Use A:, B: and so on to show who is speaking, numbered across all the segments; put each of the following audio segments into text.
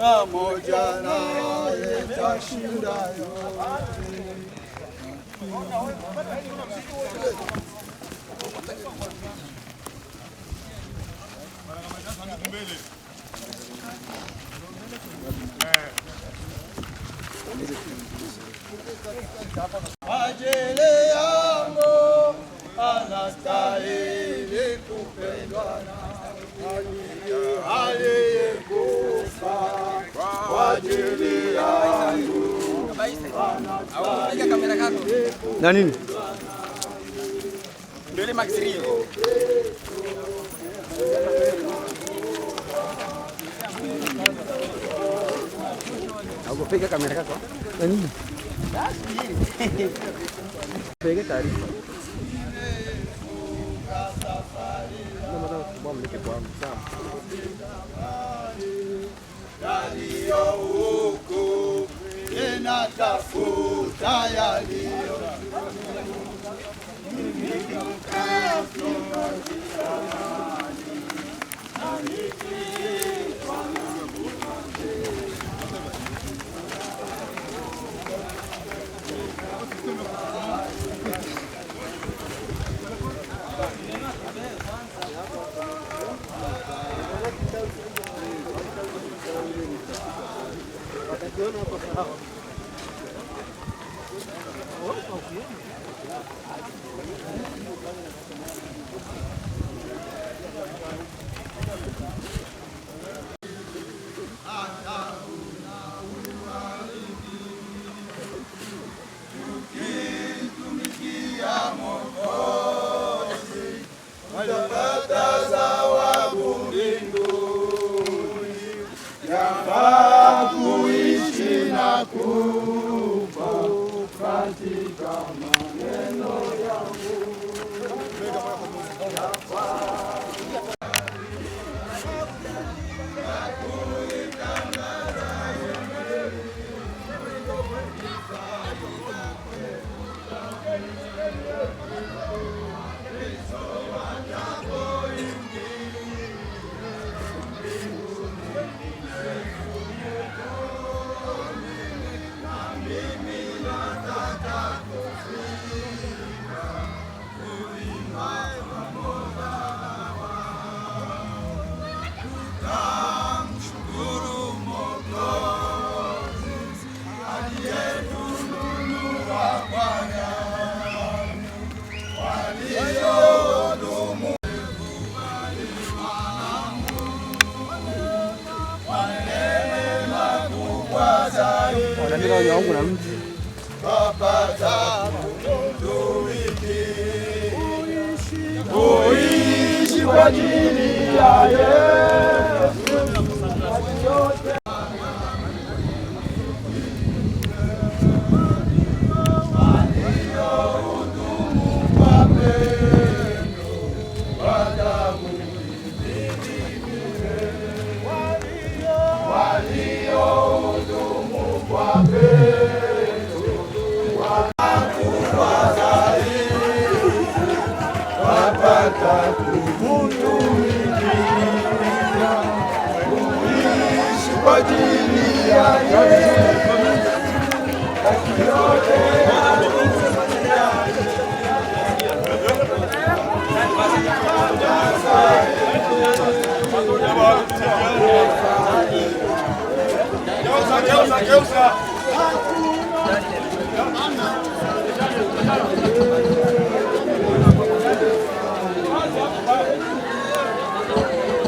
A: Nam hocana e taşında Acele
B: na nini Piga kamera kako. Nani? Piga taarifa. Yaliyo
A: huko inatafuta yaliyo Nunca se Thank you. kama na mtu uishi kwa ajili ya yeye kwa ajili yake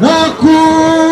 A: na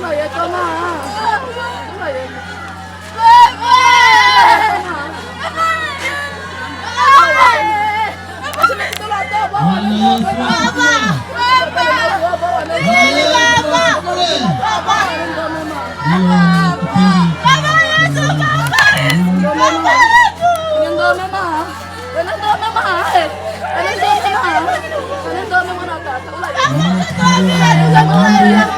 A: Moje to ma. Moje. Ano 'to, mga nata? Ulan. Ano 'to, mga nata?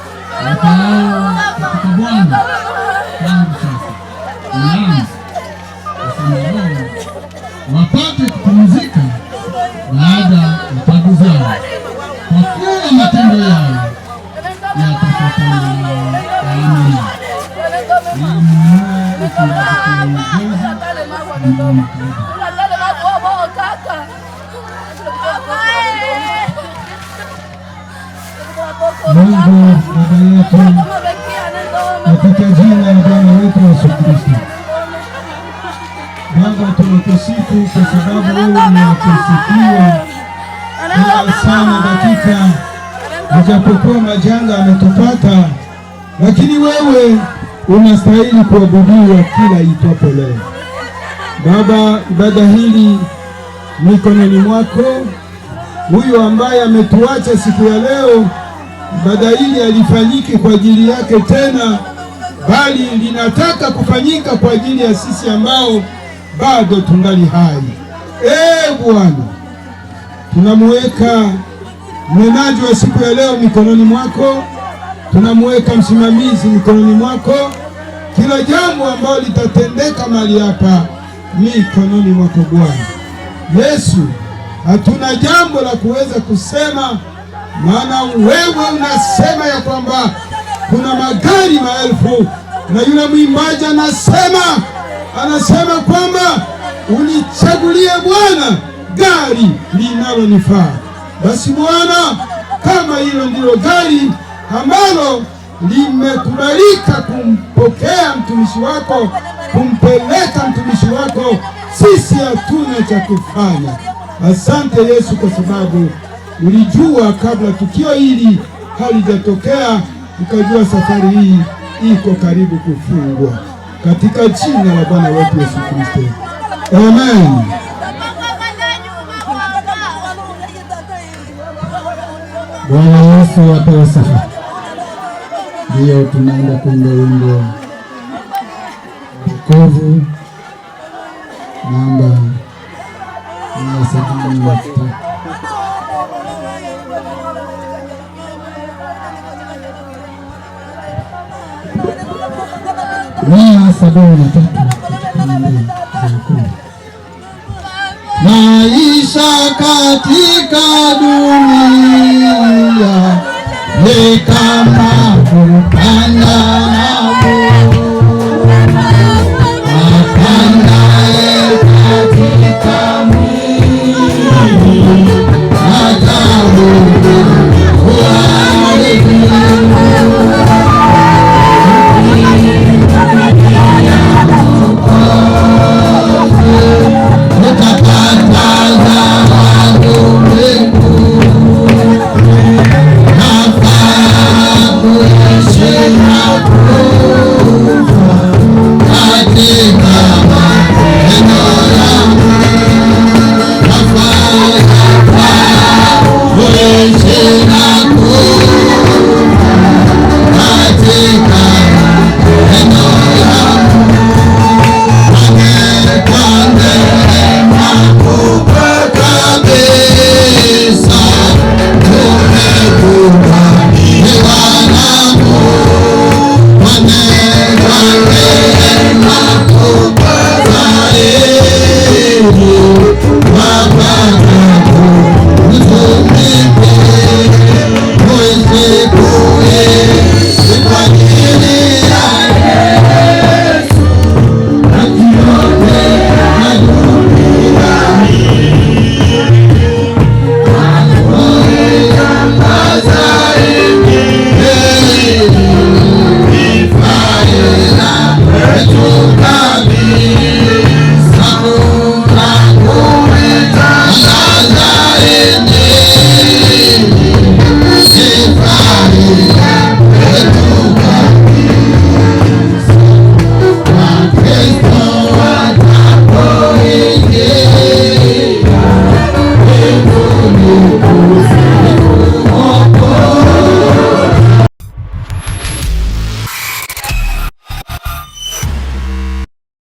A: wapate kupumzika baada ya tabu zao, kwa kuwa matendo yao yatafuatana katika jina la Bwana wetu Yesu Kristo. Baba, tunakusifu kwa sababu wewe unatusikia sana dakika, ijapokuwa majanga ametupata, lakini wewe unastahili kuabudiwa kila itwapo leo. Baba, ibada hili mikononi mwako, huyu ambaye ametuacha siku ya leo hili alifanyike kwa ajili yake tena, bali linataka kufanyika kwa ajili ya sisi ambao bado tungali hai. Ee Bwana, tunamuweka mnenaji wa siku ya leo mikononi mwako, tunamuweka msimamizi mikononi mwako, kila jambo ambalo litatendeka mahali hapa mikononi mwako Bwana Yesu. Hatuna jambo la kuweza kusema maana wewe unasema ya kwamba kuna magari maelfu, na yule mwimbaji anasema anasema kwamba unichagulie Bwana gari linalonifaa. Basi Bwana, kama hilo ndilo gari ambalo limekubalika kumpokea mtumishi wako, kumpeleka mtumishi wako, sisi hatuna cha kufanya. Asante Yesu kwa sababu ulijua kabla tukio hili halijatokea, ukajua safari hii iko karibu kufungwa, katika jina la Bwana wetu Yesu Kristo, amen. Bwana Yesu apewe sifa. Ndiyo, tunaenda kuimba wimbo Wokovu namba mia sabini na tatu. mia sabini na tatu. Maisha katika dunia ni kama kupanda